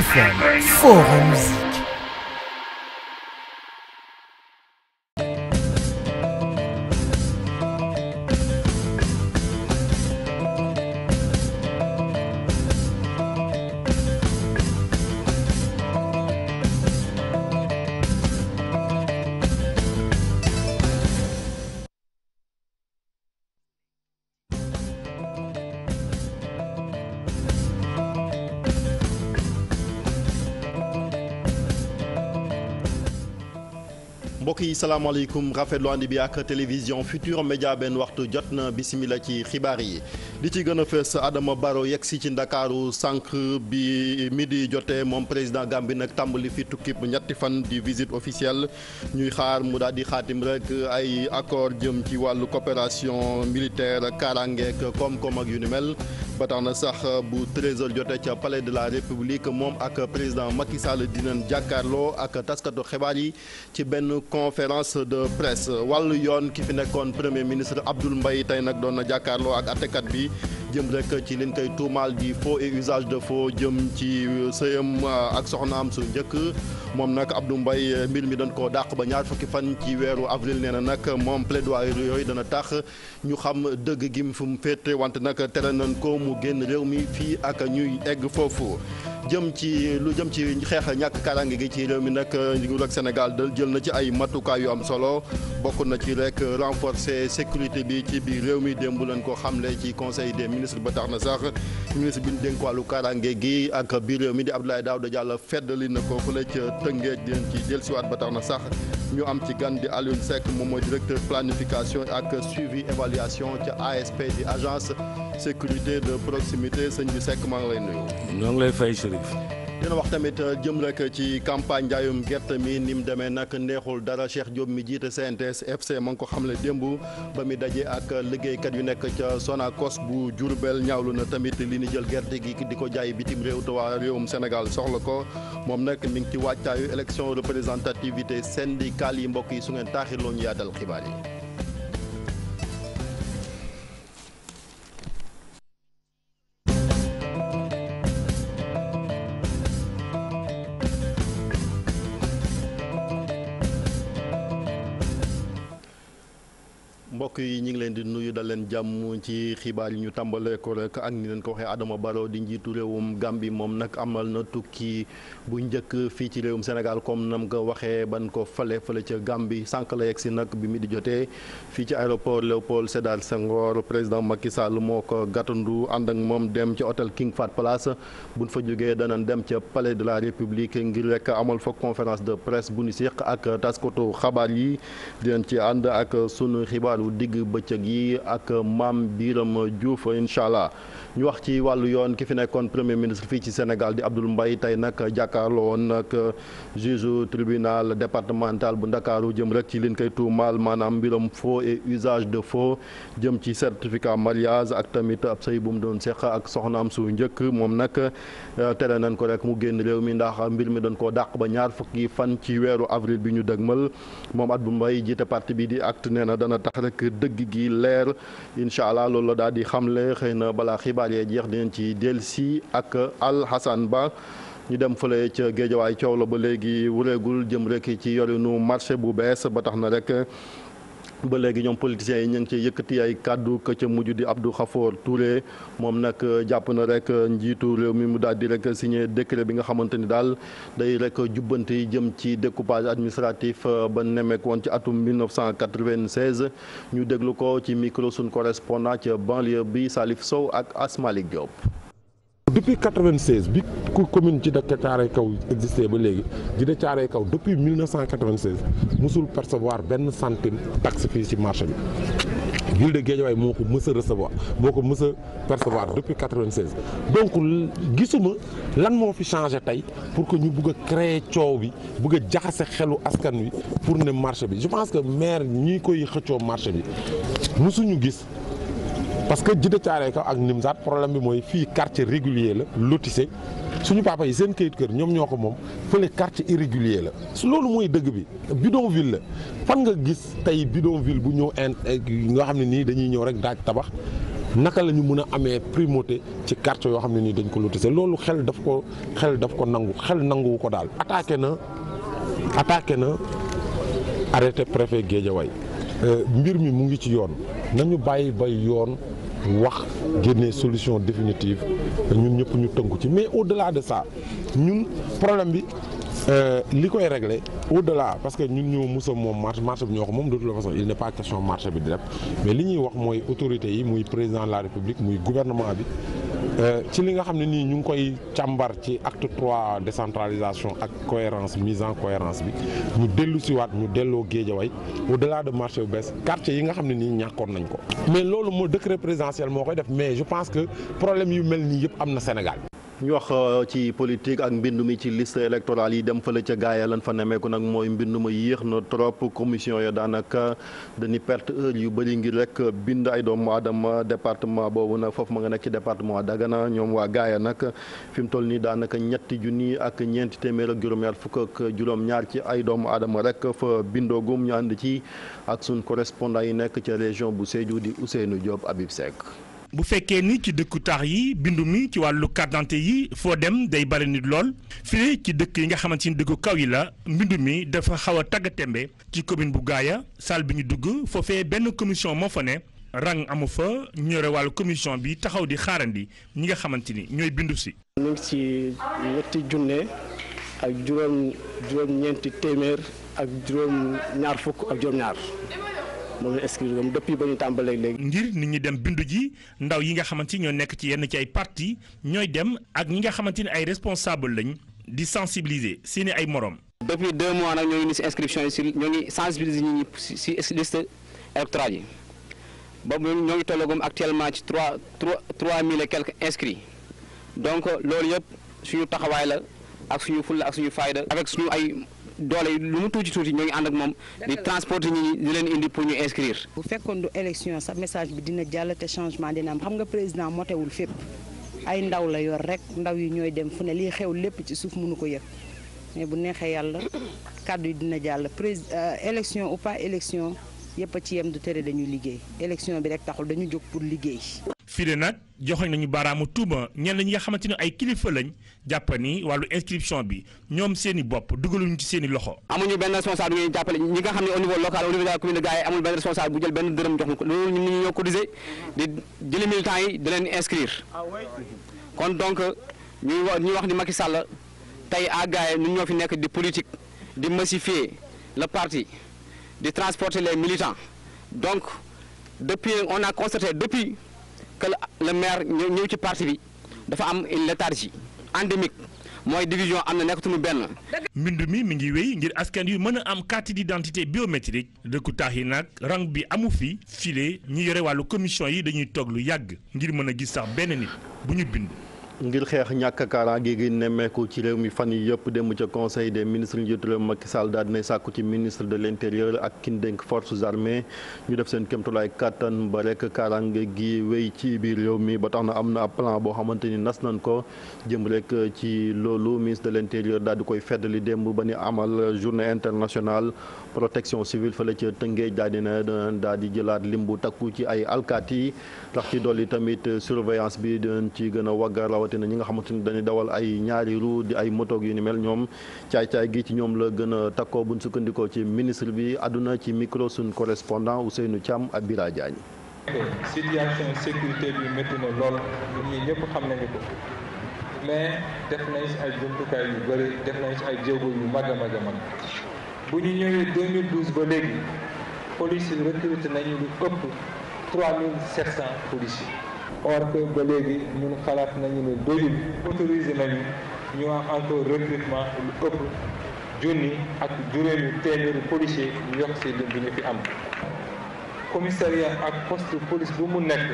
FM, Forum Musique. salaamaaleykum rafetlu ànd bi ak télévision Futur Média benn waxtu jot na bisimila ci xibaar yi. li ci gën a fees Adama Barrow yegg si ci Ndakaaru sànq bi mi di jotee moom président Gambie nag tàmbali fi tukki ñetti fan di visite officielle ñuy xaar mu daal di xaatim rek ay accord jëm ci wàllu coopération militaire kaaraangeek koom-koom ak yu ni mel ba tax na sax bu 13 jote jotee ca palais de la république moom ak président Macky Sall dinañ jàkkaarloo ak taskatu xibaar yi ci benn conférence de presse wàllu yoon ki fi nekkoon premier ministre Abdoul mbay tey nag doon na jàkkaarloo ak àttekat bi. jëm rek ci liñ koy tuumaal di faux et usage de faux jëm ci euh, sëyam euh, ak soxnaam su njëkk moom nag Abdou Mbaye euh, mbir mi dañ ko dàq ba ñaar fukki fan ci weeru avril nee na nag moom plaidoyer yooyu dana tax ñu xam dëgg gi mu fi mu féete wante nag tere nan ko mu génn réew mi fii ak ñuy egg foofu. jëm ci lu jëm ci xeex ñàkk karange gi ci réew mi nag nguur ak Sénégal dal jël na ci ay matukaay yu am solo bokk na ci rek renforcer sécurité bi ci biir réew mi démb leen ko xamle ci conseil des ministres ba tax na sax ministre bi ñu dénk wàllu karange gi ak biir réew mi di Abdoulaye Daouda Diallo feddali na ko fële ca Tëngéej di leen ci dellusiwaat ba tax na sax ñu am ci gan di Alioune Seck moom mooy directeur planification ak suivi évaluation ca ASP di agence sécurité de proximité sëñ bi Seck Serigne dina wax tamit euh, jëm rek ci campagne njaayum gerte mi ni mu demee nag neexul dara Cheikh Diop mi jiite CNTS FC ma ngi ko xamle démb ba mi dajee ak liggéeykat yu nekk ca Sonacos bu Diourbel ñaawlu na tamit li ni jël gerte gi di ko jaay bitim réew te waa réewum Sénégal soxla ko moom nag mi ngi ci wàccaayu élection représentativité syndicale yi mbokk yi su ngeen loo ñu yaatal xibaar yi. yi ñu ngi leen di nuyu dal leen jàmm ci xibaar yi ñu tàmbalee ko rek ak ni leen ko waxee Adama Barrow di njiitu réewum Gambie moom nag amal na tukki bu njëkk fii ci réewum Sénégal comme nam ko waxee ban ko fale fale ca Gambie sànq la yegg si nag bi mu di jotee fii ci aéroport Léopold Sédar Senghor président Macky Sall moo ko gàttandu ànd ak moom dem ci hôtel King Fahd Palace buñ fa jógee danañ dem ca palais de la République ngir rek amal fa conférence de presse bu ñu digg bëccëg yi ak maam Biram Diouf incha allah ñu wax ci wàllu yoon ki fi nekkoon premier ministre fii ci Sénégal di Abdoul mbay tey nag jàkkaarloo woon nag juge tribunal départemental bu Ndakaaru jëm rek ci liñ kay tuumaal maanaam mbiram faux et usage de faux jëm ci certificat mariage ak tamit ab sëy bu mu doon seq ak soxna am su njëkk moom nag euh, tere nan ko rek mu génn réew mi ndax mbir mi doon ko dàq ba ñaar fukki fan ci weeru avril bi ñu dëgmal moom Abdoul Mbaye jiite parti bi di acte nee na dana tax rek dëgg gi leer incha allah loolu daal di xamle xëy na balaa xibaar yee jeex dinañ ci dellusi ak Al Ba ñu dem fële ca géejawaay coow la ba léegi wureegul jëm rek ci yorinu marché bu bees ba tax na rek. ba léegi ñoom politiciens yi ñu ngi ciy yëkkati ay kàddu ka ca mujj di Abdou Khafour Touré moom nag euh, jàpp na rek euh, njiitu réew mi mu daal di rek signé bi nga xamante ni daal day rek jubbanti jëm ci découpage administratif euh, ba nemmeek woon ci atum 1996 ñu déglu ko ci micro suñu correspondant ca banlieue bi Salif Sow ak Asmalik Diop. depuis 96 bi commune ci dëkk Caaroy Kaw existé ba léegi Djiddah Caaroy Kaw depuis 1996 musul percevoir benn centime taxe fii ci marché bi. ville de Guédiawaye moo ko mës a recevoir moo ko mës a percevoir depuis 96 donc gisuma lan moo fi changé tey pour que ñu bugg a créer coow bi bugg a jaxase xelu askan wi pour ne marché bi je pense que maire ñi koy xëccoo marché bi musuñu gis. parce que Djiddah Thiaroye Kaw ak Nimzaat problème bi mooy fii quartier régulier la lotissé suñu papa yi seen kayit kër ñoom ñoo ko moom fële quartier irrégulier la su loolu mooy dëgg bi ville la fan nga gis tey bidonville bu ñëw in eh, nga xam ne nii dañuy ñëw rek daaj tabax naka la ñu mën a amee primauté ci quartier yoo xam ne nii dañ ko lotissé loolu xel daf ko xel daf ko nangu xel nanguwu ko daal attaqué na attaqué na arrêté préfet Guédiawaye euh, mbir mi mu ngi ci yoon nañu bàyyi bay yoon wax génne solution définitive ñun ñëpp ñu tënku ci mais au-delà de ça ñun problème bi euh, li koy régler au-delà parce que ñun ñoo musa moom marché marché bi ñoo ko moom de toute façon il n'est pas marché bi di rek mais li ñuy wax mooy autorités yi muy président de la république muy gouvernement bi Euh, ci li nga xam ne nii ñu ngi koy càmbar ci acte trois décentralisation ak cohérence mise en cohérence bi ñu dellu siwaat ñu delloo Guédiawaye au delà de marché bu bees quartier yi nga xam ne nii ñàkkoon nañ ko mais loolu moo décret présidentiel moo koy def mais je pense que problème yu mel nii yëpp am na Sénégal ñu wax euh, ci politique ak mbind mi ci list électorale yi dem fa la ca gaaya lan fa nemeeku nag mooy mbind ma yéex na trop commission ya daanaka dañuy perte heure yu bëri ngir rek bind ay doomu aadama département boobu nag foofu ma nga nekk ci département Dagana ñoom waa gaaya nag fi mu toll nii daanaka ñetti junni ak ñeenti téeméer ak juróom-ñaar ci ay doomu aadama rek fa bindoogum ñu ànd ci ak sun correspondant yi nekk ca région bu Sédhiou di Ousseynou Diop Habib Seck bu fekkee ni ci dëkku taax yi bindu mi ci wàllu carte yi foo dem day bari nit lool fii ci dëkk yi nga xamante ni dëkku kaw yi la mbindu mi dafa xaw a tàggatémbe ci commune bu Gaaya salle bi ñu dugg foofee benn commission moo fa ne rang amu fa ñore wàllu commission bi taxaw di xaarandi ñi nga xamante ni ñooy bindu si. ñu ngi ci ñetti ak juróom juróom-ñeenti téeméer ak juróom ñaar fukk ak juróom-ñaar. moo ngi depuis ba ñu tàmbalee léegi. ngir nit ñi dem bindu ji ndaw yi nga xamante ñoo nekk ci yenn ci ay parti ñooy dem ak ñi nga xamante ne ay responsable lañu di sensibiliser seeni ay morom. depuis deux mois nag ñoo ngi si inscription yi si ñoo ngi sensibiliser nit ñi si si liste électorale yi boobu ñoo ngi tollagum actuellement ci trois trois trois mille et quelques inscrits donc loolu yëpp suñu taxawaay la ak suñu fulla ak suñu fayda. avec suñu ay. doole yi lu mu tuuti tuuti ñoo ngi ànd ak moom di transporter ñi di leen indi pour ñu inscrire. bu fekkoon du élection sa message bi dina jàll te changement dina am xam nga président motewul fépp ay ndaw la yor rek ndaw yi ñooy dem fu ne lii xew lépp ci suuf mënu ko yëg mais bu neexee yàlla kàddu yi dina jàll prés euh, élection ou pas élection. yëpp a ci yem du tere dañuy liggéey élection bi rek taxul dañu jóg pour liggéey. fii de nag joxoñ nañu baaraamu tuuma ñenn ñi nga xamante ne ay kilifa lañ jàpp ni wàllu inscription bi ñoom seen i bopp dugaluñu ci seen i loxo. amuñu benn responsable bu ñuy jàppale ñi nga xam ne au niveau local au niveau de la commune de jël benn dërëm jox ko loolu ñun ñu ñoo cotisé di jëli militant yi di leen inscrire kon donc ñuy wax ñuy wax ni Macky Sall tey à Gaye ñun ñoo fi nekk di politique di massifier le parti. de transporter les militants. Donc, depuis, on a constaté depuis que le maire ñëw ci parti bi dafa am une léthargie endémique mooy division am na nekkatuñu benn. mbind mi mi ngi wéy ngir askan yu mën a am carte d'identité biométrique dëkku taax yi nag rang bi amu fi file ñi yore wàllu commission yi dañuy toog lu yàgg ngir mën a gis sax benn nit bu ñu bind. ngir xeex ñàkk kaaraange gi nemmeeku ci réew mi fan yi yëpp dem ca conseil des ministres njiitu réew Macky Sall daal dina sàkku ci ministre de l' intérieur ak kin dénk forces armées ñu def seen kéemtulaay kàttan ba rek kaaraange gi wéy ci biir réew mi ba tax na am na plan boo xamante ni nas nañ ko jëm rek ci loolu ministre de l' intérieur daal di koy feddali démb ba ni amal journée internationale protection civile fële ca Tëngéej dal di na daal di jëlaat limb bu takku ci ay alkaati yi tax ci dolli tamit surveillance bi dinañ ci gën a wagga rawatina ñi nga xamante ni dañuy dawal ay ñaari ru di ay moto yu ni mel ñoom caay-caay gi ci ñoom la gën a takkoo buñ sukkandikoo ci ministre bi àdduna ci micro suñ correspondant Ousseynou Thiam ak Bira Diagne situation sécurité bi métti na lool ñun ñii ñëpp xam nañu ko mais def nañ ay jumtukaay yu bëri def nañ ci ay jéego yu mag a mag bu ñu ñëwee 2012 ba léegi police recruté nañu lu ëpp 3700 policiers. or ba léegi ñun xalaat nañu ne doyul autorisé nañu ñu am encore recrutement lu ëpp junni ak juróomi téeméeri policier ñu yokk si lim bi ñu fi am commissariat ak poste police bu mu nekk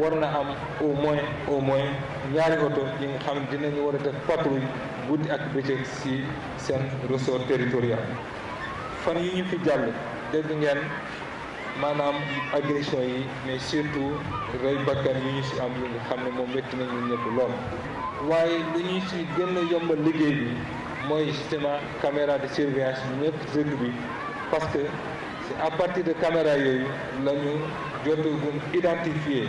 war na am au moins au moins ñaari oto yi nga xam dinañu war a def patrouille guddi ak bëccëg si seen ressort territorial fan yi ñu fi jàll dégg ngeen maanaam agression yi mais surtout rey bakkan yu ñu si am yu nga xam ne moom métti nañu ñëpp lool waaye lu ñu si gën yombal liggéey bi mooy justement caméra de surveillance bi ñëpp dëkk bi parce que c'est à partir de caméra yooyu la ñu jotagum identifier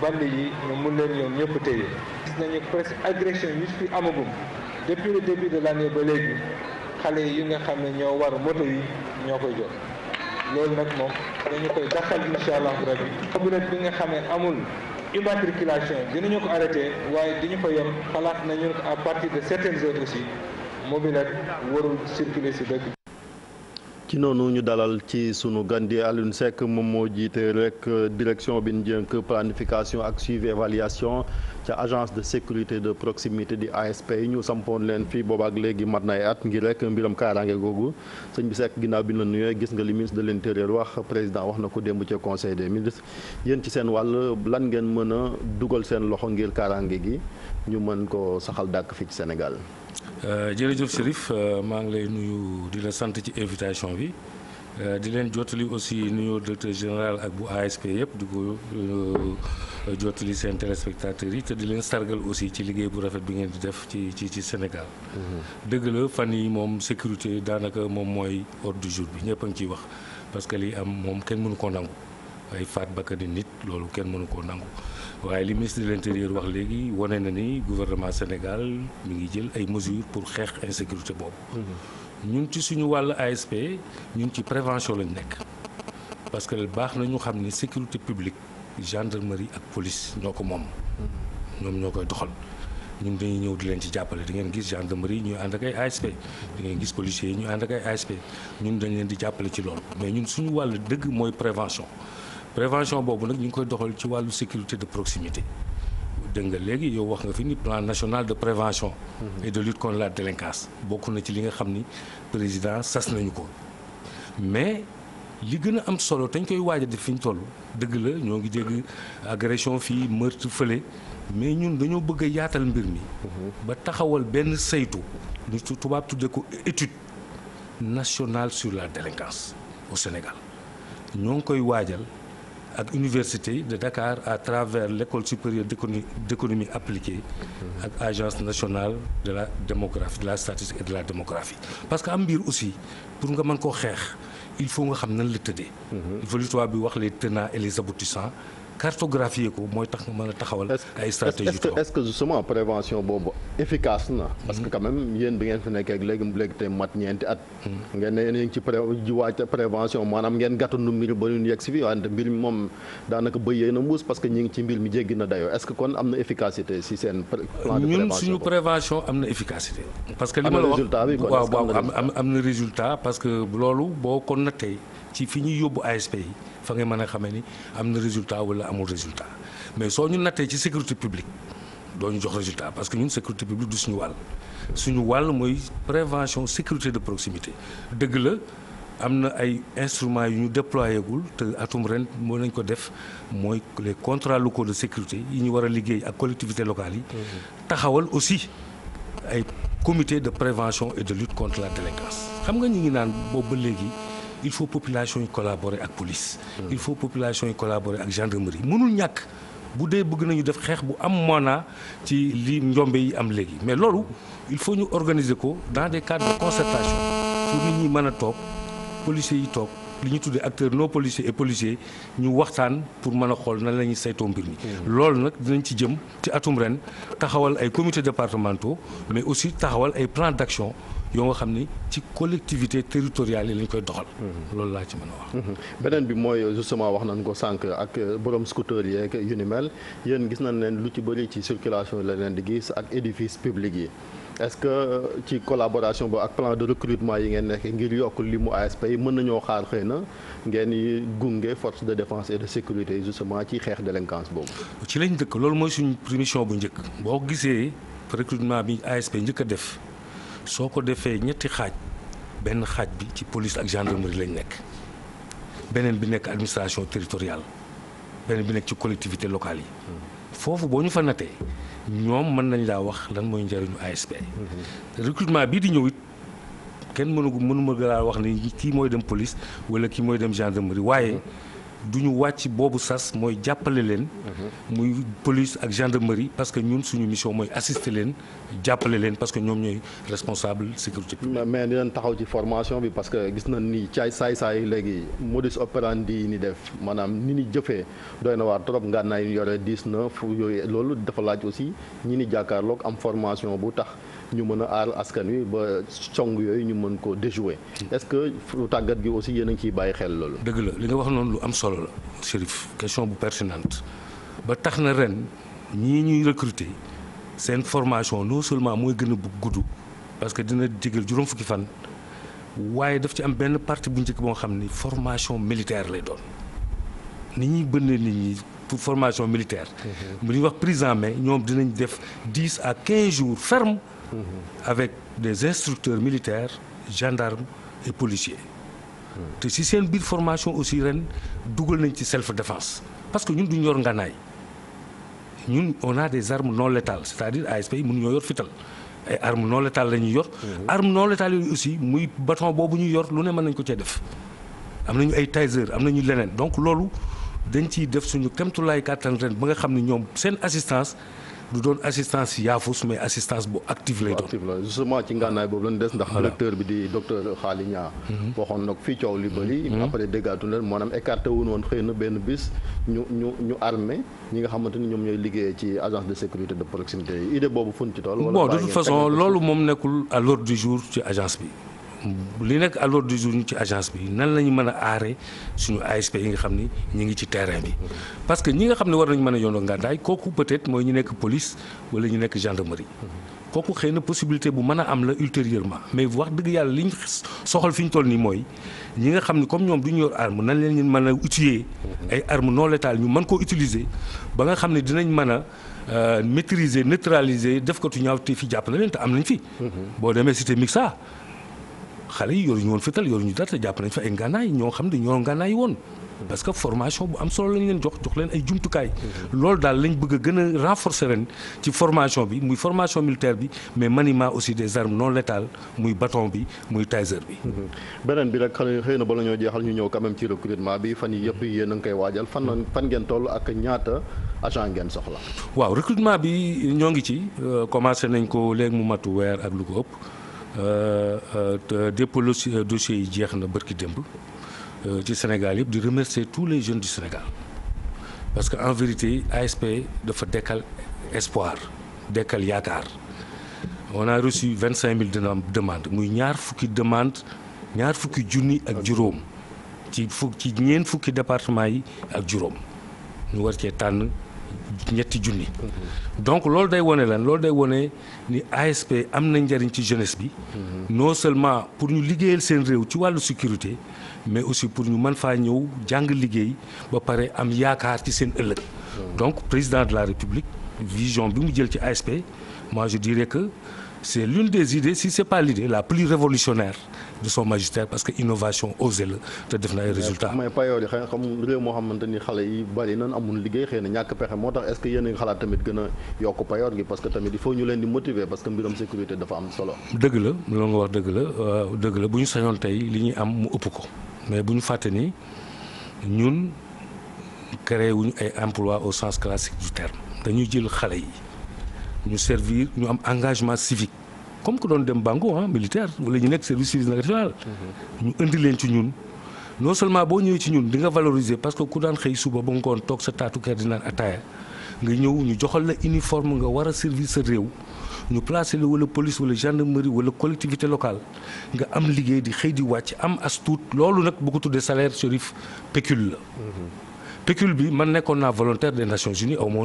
band yi ñu mun leen ñoom ñëpp téye gis nañu presque agression yu fi amagum depuis le début de l'année ba léegi xale yi nga xam ne ñoo war moto yi ñoo koy jot loolu nag moom dañu koy dakkal incha allahu rabi communauté bi nga xamee amul immatriculation dinañu ko arrêté waaye diñu ko yem xalaat nañu ko à partir de certaines heures aussi mobilette warul circuler si dëkk ci noonu ñu dalal ci sunu gan di Alioune Seck moom moo jiite rek euh, direction bi ñu jënk planification ak suivi évaluation ca agence de sécurité de proximité di ASP yi ñu sampoon leen fii ak léegi mat na ay at ngir rek mbiram kaaraange googu sëñ bi sekk ginnaaw bi ñu la gis nga li de l'intérieur wax président wax na ko démb ci conseil de ministres yéen ci seen wàll lan ngeen mën a dugal seen loxo ngir kaaraange gi ñu mën ko saxal dàkk fii ci Sénégal. Euh, jërëjëf Chérif euh, maa ngi lay nuyu di la sant ci invitation bi euh, di leen jottali aussi nuyu directeur général ak bu ASP yëpp di ko jottali seen téléspectateurs yi te di leen sargal aussi ci liggéey bu rafet bi ngeen di def ci ci ci Sénégal. Mm-hmm. dëgg la fan yi moom sécurité daanaka moom mooy ordre du jour bi ñëpp a ngi ciy wax parce que lii am moom kenn mënu koo nangu ay faat bakkan nit loolu kenn mënu koo nangu. waaye li ministre de l'intérieur wax léegi wane na ni gouvernement Sénégal mu ngi jël ay mesures pour xeex insécurité boobu. Mhm. ñun ci suñu wàll ASP ñun ci prévention lañu nekk parce que baax na ñu xam ni sécurité publique gendarmerie ak police ñoo ko moom. Mhm. ñoom ñoo koy doxal. ñun dañuy ñëw di leen ci jàppale di ngeen gis gendarmerie ñuy ànd ak ay ASP di ngeen gis policiers yi ñuy ànd ak ay ASP ñun dañ leen di jàppale ci lool mais ñun suñu wàll dëgg mooy prévention prévention boobu nag ñu ngi koy doxal ci wàllu sécurité de proximité dégg nga léegi yow wax nga fi ni plan national de prévention mhm. et de lutte contre la délinquance bokku na ci li nga xam ni président sas nañu ko mais li gën a am solo te ñu koy waaj a def fi ñu toll dëgg la ñoo ngi dégg agression fii meurtre fële mais ñun dañoo bëgg a yaatal mbir mi mhm. ba taxawal benn saytu ñu tubaab tuddee ko étude nationale sur la délinquance au Sénégal ñoo ngi koy waajal ak université de Dakar à travers l'école supérieure d'économie d'économie appliquée ak agence nationale de la démographie de la statistique et de la démographie parce que am mbir aussi pour nga man koo xeex il faut nga xam nan la tëddee. Mhm. il faut li tubaab bi wax les tenants et les aboutissants cartographier ko mooy tax nga mën a taxawal. ay stratégie est-ce que est-ce que justement prévention boobu efficace na. parce que quand même yéen bi ngeen fi nekkee ak léegi léegi tey mat ñeenti at. ngeen ne yéen a ngi ci pré waajte prévention maanaam ngeen gàttandu mbir ba ñu yegg si fi wante mbir mi moom daanaka bëyee na mbuus parce que ñi ngi ci mbir mi jéggi na dayoo est-ce que kon am na efficacité si seen. plan de prévention ñun suñu prévention am na efficacité. parce que li ma la wax am na résultat bi kon waaw waaw am na résultat parce que loolu boo ko nattee. ci fi ñuy yóbbu ASP yi fa ngay mën a xamee ni am na résultat wala amul résultat mais soo ñu nattee ci sécurité publique doo ñu jox résultat parce que ñun sécurité publique du suñu wàll suñu wàll mooy prévention sécurité de proximité dëgg la am na ay instruments yu ñu déployé te atum ren moo nañ ko def mooy les contrats locaux de sécurité yi ñu war a liggéey ak collectivités locale yi. Mm-hmm. taxawal aussi ay comité de prévention et de lutte contre la délinquance. xam nga ñu ngi naan léegi. il faut population yi collaborer ak police. il faut population yi collaborer ak gendarmerie mënul ñàkk. bu dee bëgg nañu def xeex bu am moona ci li njombe yi am léegi mais loolu il faut ñu organiser ko dans des cadres de concertation pour nit ñi mën a toog policiers yi toog li ñu tuddee acteurs no policiers et policiers ñu waxtaan pour mën a xool nan lañu saytoo mbir mi. loolu nag dinañ ci jëm ci atum ren taxawal ay comités départementaux mais aussi taxawal ay plans yoo nga xam ni ci collectivité territoriale yi lañ koy doxal. loolu laa ci man a wax. Mhm. beneen bi mooy justement wax nañ ko sànq ak borom scooter yi ak yu ni mel yéen gis nañ leen lu ci bëri ci circulation la leen di gis ak édifice public yi. est-ce que ci collaboration ba ak plan de recrutement yi ngeen nekk ngir yokk li mu ASP yi mën nañoo xaar xëy na ngeen gunge force de défense et de sécurité justement ci xeex délinquance boobu. ci lañ dëkk loolu mooy suñu permission bu njëkk boo gisee recrutement bi ASP njëkk def. soo ko defee ñetti xaaj benn xaaj bi ci police ak gendarmerie lañ nekk beneen bi nekk administration territoriale beneen bi nekk ci collectivité locale yi foofu boo ñu fa natee ñoom mën nañ laa wax lan mooy njëriñu ASP recrutement bii di ñëw it kenn mënugu mënuma laa wax ni kii mooy dem police wala kii mooy dem gendarmerie waaye du ñu wàcc boobu sas mooy jàppale leen muy police ak gendarmerie parce que ñun suñu mission mooy assister leen jàppale leen parce que ñoom ñooy responsable sécurité publique. mais dinañ taxaw ci formation bi parce que gis na ni caay saay-saay léegi modus operandi yi ni def maanaam ni ni jëfee doy na waar trop ngànnaay yi ñu yore dix neuf yooyu loolu dafa laaj aussi ñu ni jàkkaarlook am formation bu tax ñu mën a aar askan wi ba song yooyu ñu mën ko déjouer est-ce que tàggat gi aussi yéen a ngi ciy bàyyi xel loolu. dëgg la li nga wax noonu lu am solo la Chérif question bu pertinente ba tax na ren ñii ñuy seen formation non seulement mooy gën a bugg gudd parce que dina digal juróom fukki fan waaye daf ci am benn partie bu njëkk boo xam ni formation militaire lay doon ni ñuy bënnee nit ñi pour formation militaire. mu mhm. ñuy wax prise en ñoom dinañ def dix à quinze jours ferme. Mhm. avec des instructeurs militaires gendarmes et policiers. Mhm. te si seen biir formation aussi ren dugal nañ ci self défense parce que ñun du ñor nganaay ñun on a des armes non létales c'est-à-dire ASP yi mënuñoo yor fital ay armes non létales la ñuy yor. Mhm. armes non létales yooyu aussi muy baton boobu ñu yor lu ne mën nañ ko cee def. am nañu ay taser am nañu leneen donc loolu dañ ciy def suñu kemtulaay kàttan ren ba nga xam ne ñoom seen assistance. du doon assistance yaafus mais assistance bu active lay doon. active la justement ci ngànnaay boobu lañ des ndax. directeur bi di docteur Xaali Ñaa mhm. waxoon nag fii coow li bëri. Mhm. après déggaatu leen maanaam écarté wuñu woon xëy na benn bis ñu ñu ñu armé ñi nga xamante ni ñoom ñooy liggéey ci agence de sécurité de proximité yi idée boobu fun ci tool. wala bon de toute façon loolu moom nekkul à l'ordre jour ci agence bi. li nekk à l'ordre du jour ñu ci agence bi nan la ñu mën a aaree suñu ASP yi nga xam ni ñu ngi ci terrain bi parce que ñi nga xam ne war nañ mën a yondoo ngàndaay kooku peut-être mooy ñu nekk police wala ñu nekk gendarmerie kooku xëy na possibilité bu mën a am la ultérieurement mais wax dëgg yàlla li ñu soxal fi toll nii mooy ñi nga xam ni comme ñoom du ñu yor arme nan leen mën a utiliser ay armes non létales ñu mën koo utiliser ba nga xam ne dinañ mën a euh, maîtriser neutraliser def ko ñaaw te fi jàpp na am nañ fi mm-hmm. boo demee cité Mixa xale yi yoruñu woon fital yoruñu ñu te jàpp nañ fa ay ngànnaay ñoo xam ne ñoo ngànnaay woon parce que formation bu am solo lañ leen jox jox leen ay jumtukaay. Mhm. loolu daal lañ bëgg a gën a renforcer ren ci formation bi muy formation militaire bi mais maniement aussi des armes non létales muy bâton bi muy taser bi. Mhm. beneen bi rek xëy na bala ñoo jeexal ñu ñëw quand même ci recrutement bi fan yi yëpp yéen a koy waajal fan fan ngeen toll ak ñaata agent ngeen soxla. waaw recrutement bi ñoo ngi ci euh, commencé nañ ko léegi mu matu weer ak lu ko ëpp. Euh, euh, dépôt euh, dossier yi jeex na bërki démb ci Sénégal yëpp di remercier tous les jeunes du Sénégal parce que en vérité ASP dafa dekkal espoir dekkal yaakaar on a reçu vingt cinq mille demandes muy ñaar fukki demande ñaar fukki junni ak juróom ci fukk ci ñeent fukki département yi ak juróom ñu war cee tànn ñetti junni. donc loolu day wone lan loolu day wone ni ASP am na njariñ ci jeunesse bi. non seulement pour ñu liggéeyal seen réew ci wàllu sécurité mais aussi pour ñu man faa ñëw jàng liggéey ba pare am yaakaar ci seen ëllëg. donc président de la république vision bi mu jël ci ASP moi je dirais C'est l'une des idées, si ce n'est pas l'idée la plus révolutionnaire de son magistère parce que innovation osé la te def na ay résultats. mais payoor yi xëy na comme réew moo xamante ni xale yi bari nan amul liggéey xëy na ñàkk pexe moo tax est-ce que yéen a ngi xalaat tamit gën a yokk payoor gi parce que tamit il faut ñu leen di motiver parce que mbiram sécurité dafa am solo. dëgg la loolu nga wax dëgg la bu ñu sañoon tey li ñuy am mu ëpp ko mais bu ñu fàtte ni ñun cr wuñu ay emploi au sens classique du dañuy jël xale yi. ñu servir ñu am engagement civique comme que doon dem bango ah militaire wala ñu nekk service civique national. Mhm. ñu indi leen ci ñun. non seulement boo ñëwee ci ñun di nga valoriser parce que ku daan xëy suba ba ngoon toog sa taatu kër di naan ataaya nga ñëw ñu joxal la uniforme nga war a service sa réew. ñu placé la wala police wala gendarmerie wala collectivité locale nga am liggéey di xëy di wàcc am as tuut loolu nag bu ko salaire Chérif pécule la. Mhm. pécule bi man nekkoon naa volontaire des Nations Unies aw ma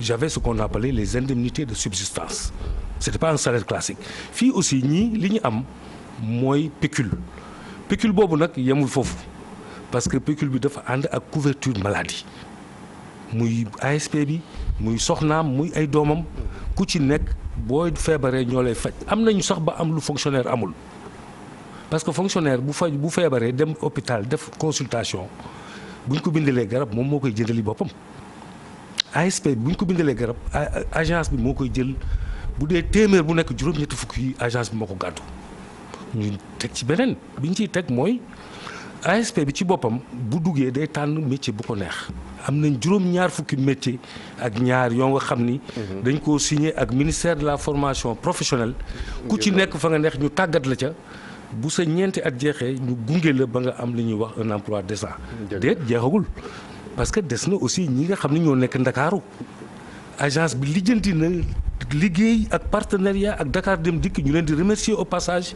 j'avais ce qu'on appelait les indemnités de subsistance c'était pas un salaire classique fii aussi ñii li ñu am mooy pécule pécule boobu nag yemul foofu parce que pécule bi dafa ànd ak couverture maladie muy ASP bi muy soxnaam muy ay doomam ku ci nekk boo feebaree ñoo lay faj am nañu sax ba am lu fonctionnaire amul parce que fonctionnaire bu faj bu feebaree dem hôpital def consultation buñ ko bindalee garab moom moo koy jëndali boppam ASP bu ñu ko bindalee garab agence bi moo koy jël bu dee téeméer bu nekk juróom-ñetti fukk yi agence bi moo ko gàddu ñu teg ci beneen bi ñu ciy teg mooy ASP bi ci boppam bu duggee day tànn métier bu ko neex. am nañ juróom-ñaar fukki métier ak ñaar yoo nga xam ni. Mhm. dañ koo signé ak ministère de la formation professionnelle. ku ci nekk fa nga neex ñu tàggat la ca. bu sa ñeenti at jeexee ñu gunge la ba nga am li ñuy wax un emploi décent. déet jeexagul parce que des na aussi ñi nga xam ne ñoo nekk ndakaaru agence bi lijjanti na liggéey ak partenariat ak Dakar Dem Dikk ñu leen di remercier au passage.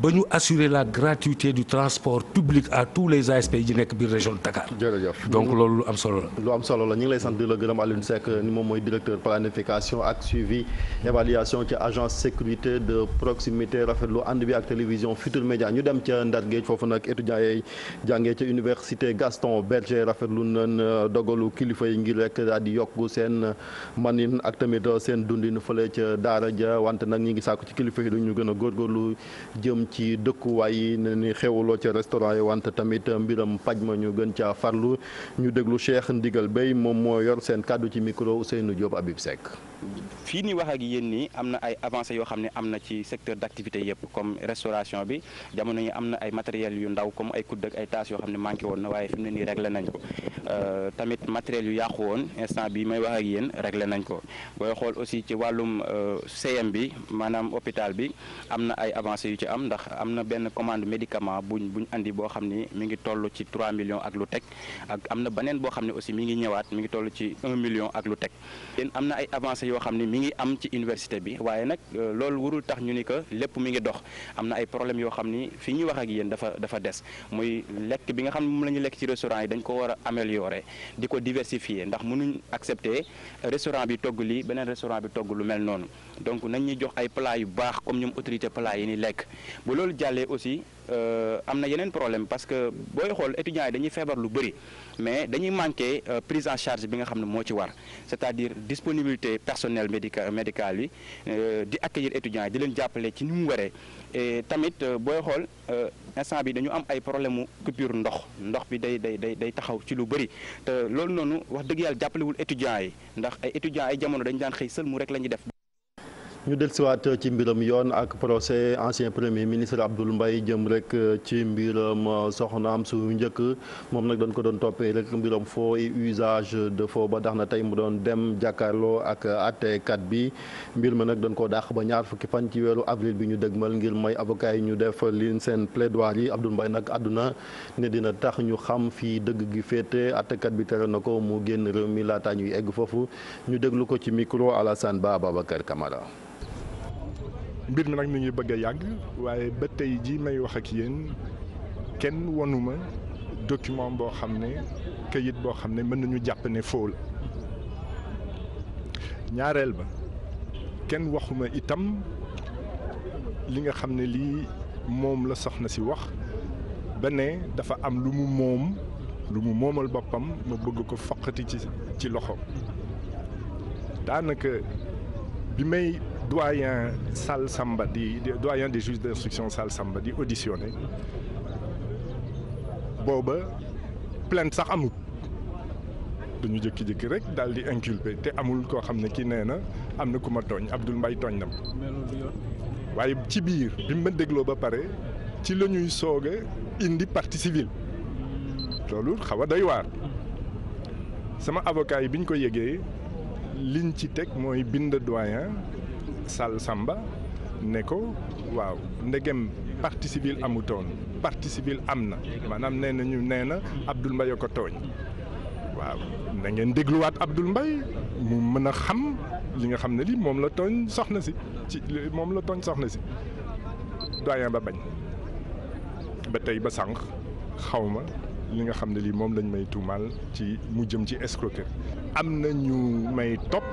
ba ñu assurer la gratuité du transport public à tous les ASP yi nekk biir région de Dakar. jërëjëf donc loolu lu am solo la. lu am solo la ñu ngi lay sant di la gërëm Alioune Seck ni moom mooy directeur planification ak suivi évaluation ci agence sécurité de proximité rafetlu ànd bi ak télévision Futur Média ñu dem ca Ndar Géej foofu nag étudiants yi jàngee ca université Gaston Berger lu nañ euh, dogalu kilifa yi ngir rek daal di yokk seen manin ak tamit euh, seen dundin fële ca daara ja wante nag ñi ngi sàkku ci kilifa yi du ñu gën a góorgóorlu jëm. ci dëkkuwaay yi ne ni xewloo ca restaurant yi wante tamit mbiram paj ma ñu gën caa farlu ñu déglu Cheikh Ndigal Bey moom moo yor seen kàddu ci micro Ousseynou Diop Habib Seck. fii ni wax ak yéen nii am na ay avancées yoo xam ne am na ci secteur d'activité yëpp comme restauration bi jamono yi am na ay matériels yu ndaw comme ay kudd ak ay taas yoo xam ne manqué woon na waaye fi mu ne nii réglé nañ ko euh, tamit matériels yu yàqu woon instant bi may wax ak yéen réglé nañ ko booy xool aussi ci wàllum euh, CM bi maanaam hôpital bi am na ay avancées yu ci am am na benn commande médicament bu buñ indi boo xam ni mi ngi toll ci 3 millions ak lu teg ak am na beneen boo xam ne aussi mi ngi ñëwaat mi ngi toll ci million ak teg leen am na ay avancé yoo xam ne mi ngi am ci université bi waaye nag euh, loolu warul tax ñu ni que lépp mi ngi dox am na ay problèmes yoo xam ni fi ñuy wax ak yéen dafa dafa des muy lekk bi nga xam ne moom la ñu lekk ci restaurant yi dañ ko war a améliorer di ko diversifier ndax mënuñ accepter restaurant bi togg lii beneen restaurant bi togg lu mel noonu donc nañ ñu jox ay plat yu baax comme ñoom autorité plat yi ni lekk bu loolu jàllee aussi euh, am na yeneen problème parce que booy xool étudiants yi dañuy feebar lu bëri mais dañuy manqué euh, prise en charge bi nga xam ne moo ci war c'est-à-dire disponibilité personnel médica médical yi euh, di accueillir étudiants yi di leen jàppale ci ni mu waree tamit booy xool instant bi dañu am ay problème mu coupure ndox ndox bi day day day day taxaw ci lu bëri te loolu noonu wax dëgg yàlla jàppalewul étudiants yi ndax ay jamono dañu daan xëy sël rek la ñuy def ñu dellusiwaat ci mbiram yoon ak procès ancien premier ministre Abdoul mbay jëm rek ci mbiram soxnaam su njëkk moom nag dañ ko doon toppee rek mbiram fooy et usage de faux ba tax na tey mu doon dem jàkkaarloo ak àttekat bi mbir ma nag dañ ko dàq ba ñaar fukki fan ci weeru avril bi ñu mal ngir may avocat yi ñu def liñ seen plaidoirie yi Abdoul mbay nag àdduna ne dina tax ñu xam fii dëgg gi féete àttekat bi tere na ko mu génn réew mi laataa ñuy egg foofu ñu déglu ko ci micro Alassane Ba Babacar Camara mbir mi nag mi ngi bëgg a yàgg waaye ba tey jii may wax ak yéen kenn wanuma document boo xam ne kayit boo xam ne mën nañu jàpp ne faux ñaareel ba kenn waxuma itam li nga xam ne lii moom la soxna si wax ba ne dafa am lu mu moom lu mu moomal boppam ma bëgg ko foqati ci ci loxo daanaka bi may doyen Sall Samba di doyen des juges d'instruction Sall Samba di auditionné booba plainte sax amul duñu jëkki-jëkki rek daal di inculpé te amul koo xam ne kii nee na am na ku ma tooñ Abdoul Mbaye tooñ na ma waaye ci biir bi ma dégloo ba pare ci la ñuy soog a indi partie civile loolu xaw a doy waar sama avocat yi bi ñu ko yëgee liñ ci teg mooy bind doyen Sall Samba ne ko waaw ndegem partie civile amutoon parti civile am na maanaam nee nañu nee na Abdoul Mbaye ko tooñ waaw na ngeen dégluwaat Abdoul Mbaye mu mën a xam li nga xam ne li moom la tooñ soxna si ci moom la tooñ soxna si doyen ba bañ ba tey ba sànq xawma ma li nga xam ne lii moom lañ may tuumaal ci mu jëm ci escroquerie am na ñu may topp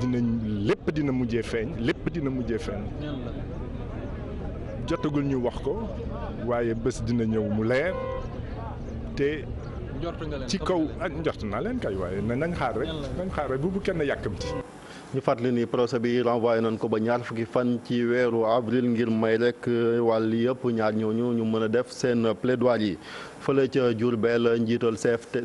dinañ lépp dina mujjee feeñ lépp dina mujje feeñ jotagul ñu wax ko waaye bés dina ñëw mu leer te ci kaw ak njort naa leen kay waaye nañ xaar rek nañ xaar rek bu bu kenn yàkkamti ñu fàttali ni procès bi renvoyé nañ ko ba ñaar fukki fan ci weeru avril ngir may rek wàll yëpp ñaar ñooñu ñu mën a def seen plaidoirie yi fële ca Diourbel njiital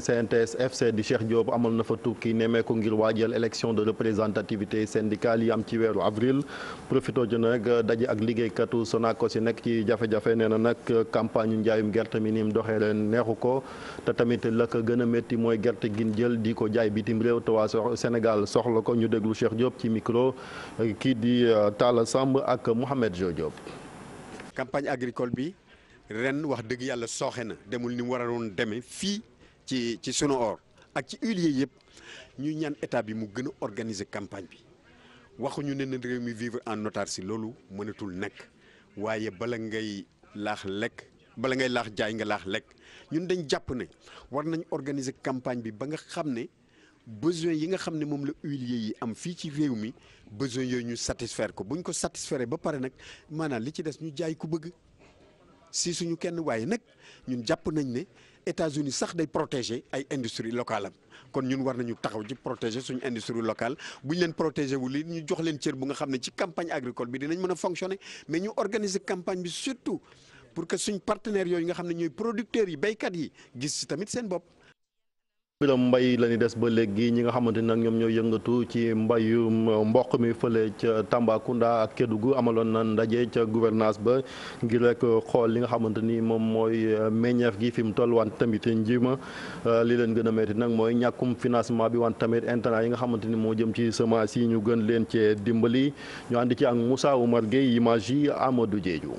CNTS FC di Cheikh Diop amal na fa tukki nemmeeku ngir waajal élection de représentativité syndicale yi am ci weeru avril profito ji nag daje ak liggéeykatu Sonacos si nekk ci jafe-jafe nee na nag campagne njaayum gerte mi ni mu doxee leen neexu ko te tamit la ko gën a métti mooy gerte gi jël di jaay bitim réew te Diop ci micro euh, kii di euh, Talla Samb ak Mouhamed Jo Diop. campagne agricole bi ren wax dëgg yàlla sooxe na demul ni mu war a demee fii ci sunu or ak ci ulie yëpp ñu ñaan état bi mu gën a organiser campagne bi waxuñu ne ne réew mi vivre en si loolu mënatul nekk waaye bala ngay laax lekk. bala ngay laax jaay nga laax lekk ñun dañ jàpp ne war nañ organiser campagne bi ba nga xam ne besoin yi nga xam ne moom la huiliers yi am fii ci réew mi besoin yooyu ñu satisfaire ko bu ñu ko satisfaire ba pare nag maanaam li ci des ñu jaay ku bëgg si suñu kenn waaye nag ñun jàpp nañ ne États-Unis sax day protéger ay industrie locale am kon ñun war nañu taxaw ci protéger suñu industrie locale bu ñu leen protéger wu li ñu jox leen cër bu nga xam ne ci campagne agricole bi dinañ mën a fonctionner mais ñu organiser campagne bi surtout pour que suñ partenaires yooyu nga xam ne ñooy producteurs yi béykat yi gis ci tamit seen bopp. mbiram mbay la ñu des ba léegi ñi nga xamante ni nag ñoom ñoo yëngatu ci mbayum mboq mi fële ca Tambacounda ak Kédougou amaloon na ndaje ca gouvernance ba ngir rek xool li nga xamante ni moom mooy meññeef gi fi mu toll wante tamit njima euh, li leen gën a metti nag mooy ñàkkum financement bi wante tamit internet yi nga xamante ni moo jëm ci semence yi ñu gën leen cee dimbali ñu ànd ci ak Moussa Oumar Gueye image yi Amadou Diédhiou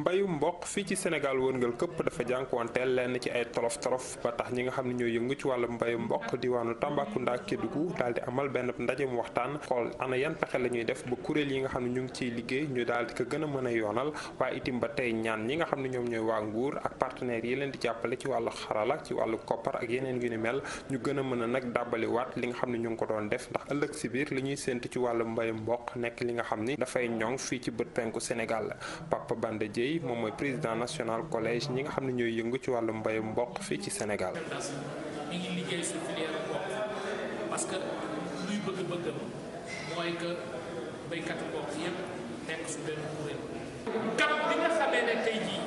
mbayu mboq fii ci Sénégal wërngal këpp dafa jànkuwanteel lenn ci ay tolof tolof ba tax ñi nga xam ne ñoo yëngu ci wàllu mbayu mboq diwaanu Tambacounda Kédougou daal di amal benn ndaje mu waxtaan xool ana yan pexe la ñuy def ba kuréel yi nga xam ne ñu ngi ciy liggéey ñu daal di ko gën a mën a yoonal waaye itim ba tey ñaan ñi nga xam ne ñoom ñooy waa nguur ak partenaires yi leen di jàppale ci wàllu xarala ci wàllu koppar ak yeneen yu ni mel ñu gën a mën a nag dàbbali li nga xam ne ñu ngi ko doon def ndax si biir li ñuy sént ci wàllu mbayu mboq nekk li nga xam ni dafay ñoŋ fii ci bët penku Sénégal Guèye moom mooy président national collège ñi nga xam ne ñooy yëngu ci wàllu mbayum mboq fii ci Sénégal. mi ngi liggéey su filière mboq parce luy bëgg-bëggam mooy que béykatu mboq yépp nekk su benn kuréel. gab bi nga xamee ne tey jii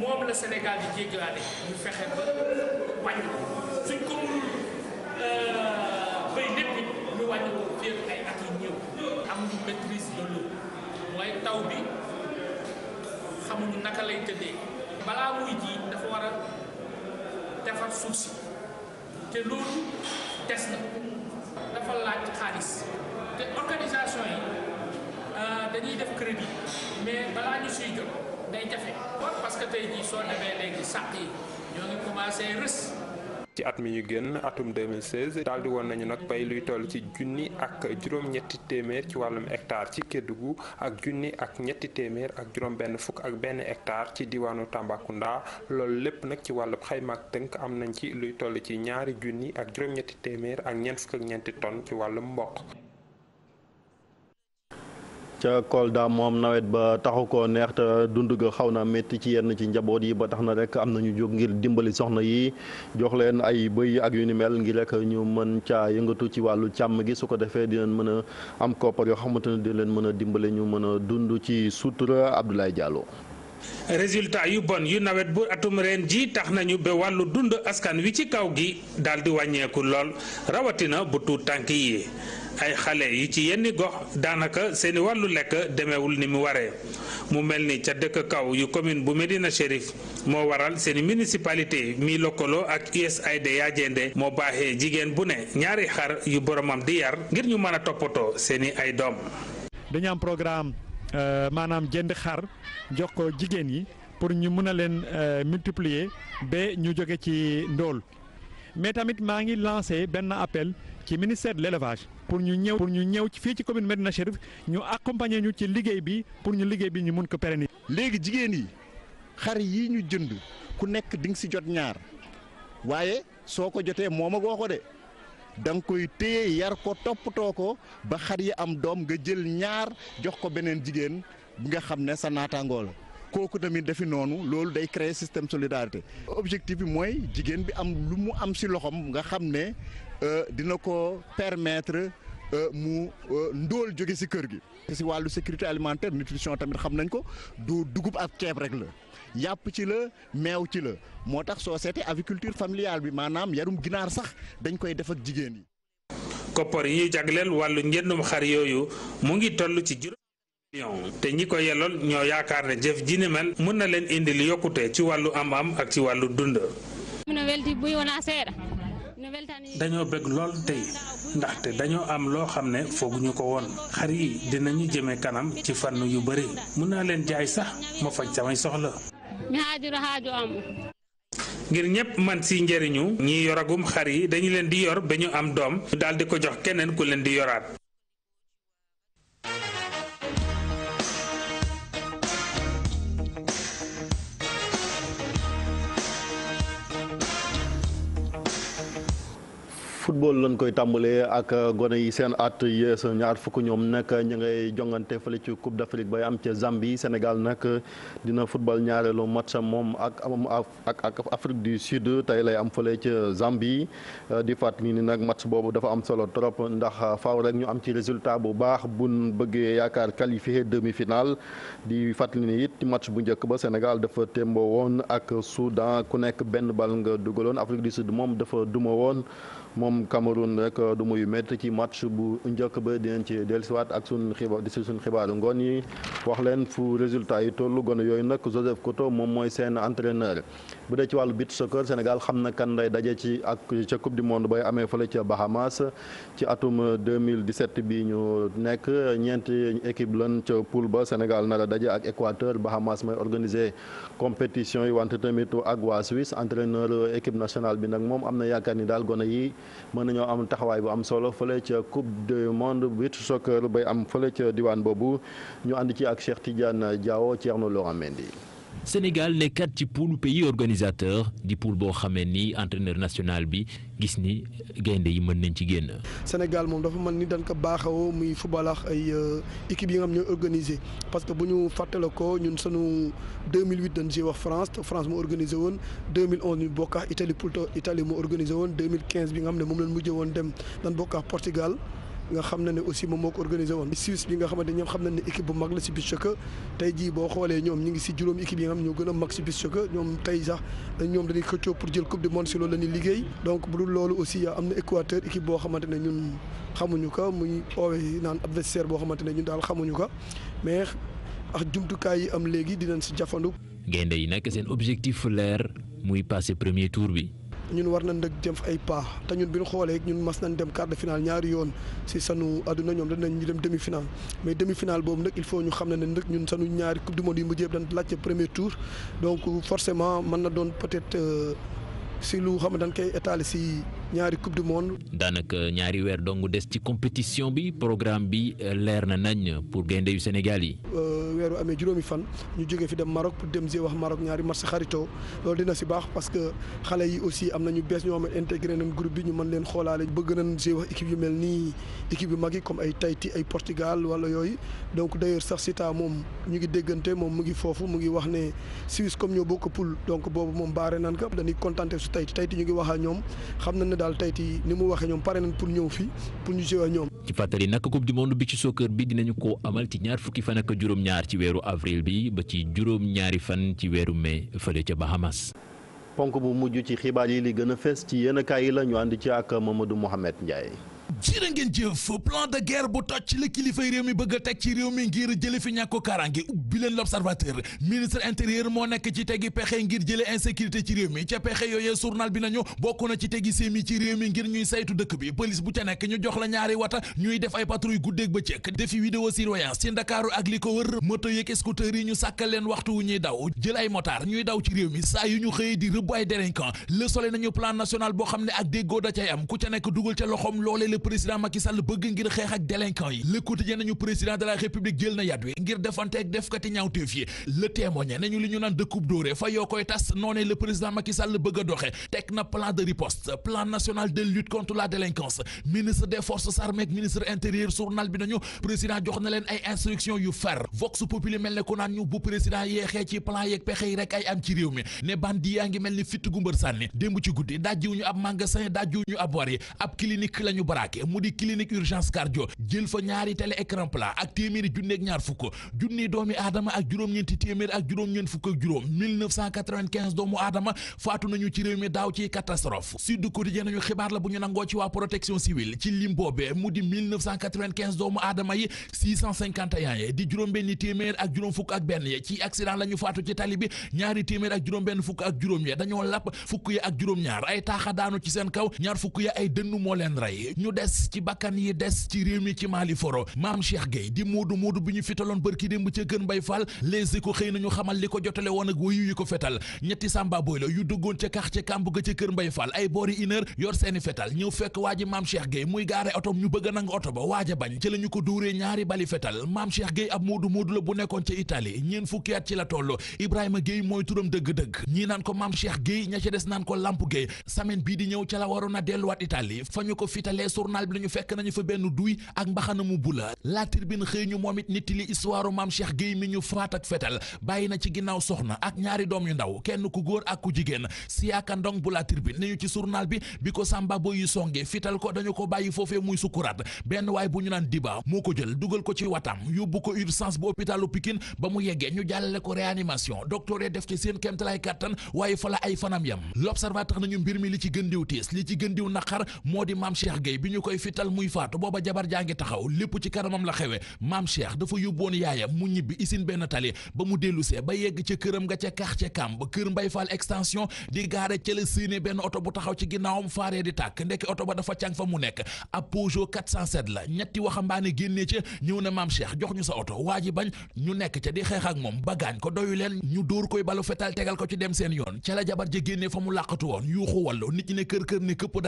moom la Sénégal di jéggaane ñu euh, ñëw am ñu maîtrise de l'eau mooy taw bi. xamuñu naka lay tëddee balaa muy ji dafa war a defar suuf si te loolu des na dafa laaj xaalis te organisation yi euh, dañuy def crédit mais balaa ñu suy jot day jafe parce que tey jii soo demee léegi sàq yi ñoo ngi commencé rës ci at mi ñu génn atum 2016 daal di woon nañu nag bay luy toll ci junni ak juróom-ñetti téeméer ci wàllum hectare ci Kédougou ak junni ak ñetti téeméer ak juróom-benn fukk ak benn hectare ci diwaanu Tambacounda loolu lépp nag ci wàllub xayma ak tënk am nañ ci luy toll ci ñaari junni ak juróom-ñetti téeméer ak ñeent fukk ak ñeenti tonnes ci wàllum mboq. ca Kolda moom nawet ba taxu ko neex dund ga xaw na métti ci yenn ci njaboot yi ba tax na rek am na ñu jóg ngir dimbali soxna yi jox leen ay bëy ak yu ni mel ngir rek ñu mën ca yëngatu ci wàllu càmm gi su ko defee di leen mën a am koppar yoo xamante ne di leen mën a dimbale ñu mën a dund ci sutura Abdoulaye Diallo. résultat yu bon yu nawet bu atum ren ji tax nañu ba wàllu dund askan wi ci kaw gi daal di wàññeeku lool rawatina bu tuut tànk yi ay xale yi ci yenn gox daanaka seeni wàllu lekk demeewul ni mu waree mu mel ni ca dëkk kaw yu commune bu Médina Chérif moo waral seeni municipalité mi lëkkaloo ak USAID yaa jende moo baaxee jigéen bu ne ñaari xar yu boromam di yar ngir ñu mën a toppatoo seeni ay doom. dañu am programme euh, maanaam jënd xar jox ko jigéen yi pour ñu mën a leen euh, multiplier ba ñu jóge ci ndóol mais tamit maa ngi lancé benn appel. ci ministère de l'élevage pour ñu ñëw pour ñu ñëw fii ci commune Medina Chérif ñu accompagner ñu ci liggéey bi pour ñu liggéey bi ñu mun ko pérenniser. léegi jigéen yi xar yi ñu jënd ku nekk di nga si jot ñaar waaye soo ko jotee moom a goo ko de da koy téye yar ko toppatoo ko ba xar yi am doom nga jël ñaar jox ko beneen jigéen bi nga xam ne sa naataangoo kooku tamit dafi noonu loolu day créer système solidarité objectif bi mooy jigéen bi am lu mu am si loxoom nga xam ne Euh, dina ko permettre euh, mu euh, ndóol jóge si kër gi. te si wàllu sécurité alimentaire nutrition tamit xam nañ ko du dugub ak ceeb rek la yàpp ci la meew ci la moo tax soo seetee aviculture familiale bi maanaam yarum ginaar sax dañ koy def ak jigéen yi. koppar yi ñu jagleel wàllu njëndum xar yooyu mu ngi toll ci juróom million te ñi ko yelool ñoo yaakaar ne jëf ji ni mel mun na leen indil yokkute ci wàllu am-am ak ci wàllu dund. dañoo bëgg lool tey ndaxte dañoo am loo xam ne fooguñu ko woon xar yi dinañu jëme kanam ci fànn yu bëri mun naa leen jaay sax ma faj samay soxla. ngir ñëpp man si njëriñu ñi yoragum xar yi dañu leen di yor ba ñu am doom ñu daal di ko jox keneen ku leen di yoraat. football lañ koy tàmbalee ak euh, gone yi seen at yees ñaar fukk ñoom nag ñu ngay jongante fële ci Coupe d'Afrique bay am ca Zambie senegal nag dina football ñaareelu match moom ak ak ak Afrique du Sud tey lay am fële ca Zambie euh, di fàttali ni nag match boobu dafa am solo trop ndax euh, faaw rek ñu am ci résultat bu baax buñ bëggee yaakaar qualifié demi-finale di fàttali ni it match bu njëkk ba Sénégal dafa témboo woon ak Soudan ku nekk benn bal nga dugaloon Afrique du moom dafa duma woon moom Cameroun rek euh, du muy métti ci match bu njëkk ba dinañ ci dellusiwaat ak suñ xibaar di si suñ xibaaru ngoon yi wax leen fu résultat yi toll gone yooyu nag Joseph Koto moom mooy seen entraîneur. bu dee ci wàllu beach soccer Sénégal xam na kan lay daje ci ak ca coupe du monde bay amee fële ca Bahamas ci atum 2017 bi ñu nekk ñeenti équipe lan ca poule ba Sénégal nar a daje ak Équateur Bahamas may organiser compétition yi wante tamit ak waa Suisse entraîneur équipe nationale bi nag moom am na yaakaar ni daal gone yi mën nañoo am taxawaay bu am solo fële ca coupe du monde beach soccer bay am fële ca diwaan boobu ñu ànd ci ak Cheikh Tidiane Diawo Thierno Laurent Mendy Sénégal nekkat ci poule pays organisateur di pour boo xamee ni entraîneur national bi gis ni gaynde yi mën nañ ci génn. Sénégal moom dafa mën ni dañ ko baaxawoo muy footballax ay euh, équipe yi nga xam ñooy organisé parce que bu ñu fàttale ko ñun sunu 2008 dañ ci wax France te France moo organisé woon 2011 ñu bokk ak Italie poule Italie moo organisé woon 2015 bi xam ne moom lañ mujjee woon dem dañ bokk ak Portugal. nga xam ne ne aussi moom moo ko organisé woon Suisse bi nga xamante ñoom xam nañ ne équipe bu mag la si beach soccer tey jii boo xoolee ñoom ñi ngi si juróomi équipe yi nga xam ñoo a mag ñoom tey sax ñoom dañuy pour jël coupe du monde si loolu la ñuy liggéey donc bu dul loolu aussi am na Équateur équipe boo xamante ne ñun xamuñu ko muy oowee naan adversaire boo xamante ne ñun daal xamuñu ko mais ak jumtukaay yi am léegi dinañ si jafandu gaynde yi nag seen objectif leer muy passé premier tour bi ñun war nañ nag jëm ay pas te ñun bi ñu xoolee ñun mas nañ dem quart de finale ñaari yoon si sanu àdduna ñoom dañ ñu dem demi finale mais demi final boobu nag il faut ñu xam ne ne nag ñun sanu ñaari coupe du monde yu mujjee dañ laajte premier tour donc forcément man na doon peut-être euh, si lu xam ne dañ koy étaler si ñaari coupe du monde. daanaka ñaari weer dong des ci compétition bi programme bi euh, leer na nañ pour gaynde yu Sénégal yi. Euh, weeru amee juróomi fan ñu jóge fi dem Maroc pour dem see wax marok ñaari match xarito loolu dina si baax parce que xale yi aussi am na ñu bees ñoo xam ne intégré nañ groupe bi ñu man leen xoolaale bëgg nañ see wax équipe yu mel nii équipe yu mag yi comme ay Tahiti ay Portugal wala yooyu donc d'ailleurs sax Sita moom ñu ngi déggante moom mu ngi foofu mu ngi wax ne Suisse comme ñoo bokk poule donc boobu moom baare nan ko dañuy contenté su Tahiti Tahiti ñu ngi wax ak ñoom daal tey ti ni mu waxee ñoom pare nañ pour ñëw fii pour ñu jouer ñoom. ci fàttali nag coupe du monde bi ci kër bi dinañu ko amal ci ñaar fukki fan ak juróom-ñaar ci weeru avril bi ba ci juróom-ñaari fan ci weeru mai fële ca Bahamas. ponk bu mujj ci xibaar yi li gën a fees ci yenn yi la ñu ànd ci ak Mamadou Mohamed Ndiaye. jërë ngeen jëf plan de guerre bu toj la kilifay réew mi bëgg a teg ci réew mi ngir jële fi ñàkko karange ubbi leen l'observateur ministre intérieur moo nekk ci tegi pexe ngir jële insécurité ci réew mi ca pexe yooyee journal bi nañu bokk na ci tegi sémi ci réew mi ngir ñuy saytu dëkk bi police bu ca nekk ñu jox la ñaari wata ñuy def ay patrouille guddeeg bëccëg defi vidéo surveillance ci ndakaaru ak li ko wër moto yeeg scooter yi ñu sàkkal leen waxtu wu ñuy daw jël ay motard ñuy daw ci réew mi saa ñu xëyee di rëbb ay délinquant le soleil nañu boo xam ne ak déggoo da am ku ca nekk dugal ca loxom président Macky Sall bëgg ngir xeex ak délinquants yi le quotidien nañu président de la république jël na yat wi ngir defante ak defkati ñaawteef yi le témoigné nañu li ñu naan dëkkub dóore fa yoo koy tas noonee le président Macky Sall bëgg a doxe teg na plan de riposte plan national de lutte contre la délinquance ministre des forces armées ak ministre intérieur journal bi nañu président jox na ay instruction yu fer vox populi mel ne ko naan ñu bu Mbàkke mu di clinique urgence cardio jël fa ñaari télé écran plat ak téeméeri junni ak ñaar fukk junni doomi aadama faatu nañu ci réew mi daaw ci catastrophe Sud Quotidien nañu xibaar la bu ñu nangoo ci waa protection civile ci lim boobee mu di doomu aadama yi 651 di juróom-benni téeméer ak juróom fukk ak benn yi ci accident la faatu ci tali ñaari téeméer ak juróom-benn fukk ak juróom yi dañoo lapp fukk yi ak juróom-ñaar ay taaxa daanu ci seen kaw des ci bakkan yi des ci réew mi ci Mali foro maam Cheikh Gueye di moodu moodu bi ñu fitaloon bërki démb ca Kër Mbay Fall les éco xëy nañu xamal li ko jotale woon ak wayu yi ko fetal ñetti sàmba boy la yu duggoon ca quartier kamb ga ca Kër Mbay Fall ay boori une heure yor seeni fetal ñëw fekk waa ji maam Cheikh Gueye muy gaare otom ñu bëgg a nangu oto ba waaja bañ ci la ñu ko dóoree ñaari bali fetal maam Cheikh Gueye ab moodu moodu la bu nekkoon ca Italie ñeen fukki at ci la toll Ibrahima Gueye mooy turam dëgg-dëgg ñii naan ko maam Cheikh ña ca des naan ko Lamp Gueye semaine bii di ñëw ca la waroon a delluwaat Italie journal bi nañu fekk nañu fa benn duy ak mbaxana mu bula la tribune xëy ñu moom it nit li histoire mam Cheikh Gueye mi ñu faat ak fetal bàyyi na ci ginnaaw soxna ak ñaari doom yu ndaw kenn ku góor ak ku jigéen siyaaka ndong bu la tribune ni ñu ci journal bi bi ko sàmba bo yu songe fital ko dañu ko bàyyi foofee muy sukkuraat benn waay bu ñu naan diba moo ko jël dugal ko ci watam yóbbu ko urgence bu hôpitalu Pikine ba mu yeggee ñu jàllale ko réanimation docteur yi def ci seen kemtalaay kàttan waaye fa ay fanam yam l'observateur nañu mbir mi li ci gën diw tiis li ci gën diw naqar moo di maam Cheikh Gueye bi ñu koy fital muy faatu booba jabar jaa ngi taxaw lépp ci kanamam la xewe maam Cheikh dafa yóbboon yaayam mu ñibbi isin benn tali ba mu dellusee ba yegg ca këram nga ca kaax ca kàmb kër Mbay Fall extension di gaare ca la séenée benn oto bu taxaw ci ginnaawam faaree di tàkk ndekki oto ba dafa càng fa mu nekk ab Peugeot 407 la ñetti waxambaane génnee ca ñëw na maam Cheikh jox ñu sa oto waa ji bañ ñu nekk ca di xeex ak moom bagaañ ko doyu leen ñu dóor koy balu fetal tegal ko ci dem seen yoon ca la jabar ja génnee fa mu làqatu woon yuuxu wallu nit ñi ne kër kër ne këpp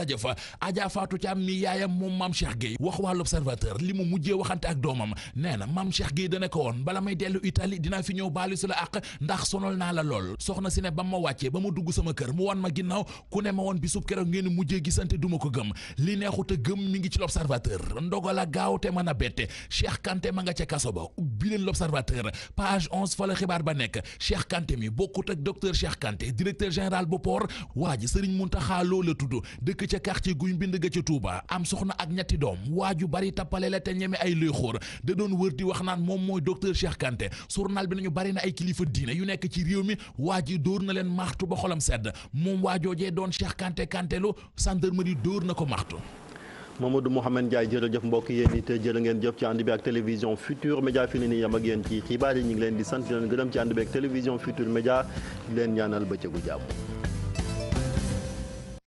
yaayam moom maam Cheikh Gueye wax waa l'observateur li mu mujjee waxante ak doomam nee na maam Cheikh Gueye dana woon bala may dellu Italie dinaa fi ñëw baalu si la àq ndax sonal naa la lool soxna si ne ba ma wàccee ba ma dugg sama kër mu wan ma ginnaaw ku ne ma woon bisub keroog ngeen mujjee gisante duma ko gëm li neexut a gëm mi ngi ci l'observateur ndogala gaaw te mën a bette Cheikh Kanté ma nga ca kaso ba ubbi leen l'observateur page onze fa la xibaar ba nekk Cheikh Kanté mi bokkut ak docteur Cheikh Kanté directeur général bu port waa ji Serigne Mountakha Lo la tudd dëkk ca quartier guy mbind ga ca Touba am soxna ak ñetti doom waa ju bari tappale te ñeme ay lëy xóor da doon wër di wax naan moom mooy docteur Cheikh Kanté journal bi nañu bari na ay kilifa diine yu nekk ci réew mi waa ji dóor na leen maxtu ba xolam sedd moom waa joojee doon Cheikh Kanté sant gendarmerie dóor na ko maxtu Mamadou Mouhamed Ndiaye jërëjëf mbokk yéen it jërë ngeen jëf ci ànd bi ak télévision Futur Média fi ne nii yam ak yéen ci xibaar yi ñu ngi leen di sant leen gërëm ci ànd bi ak télévision Futur Média leen ñaanal bëccëgu jàmm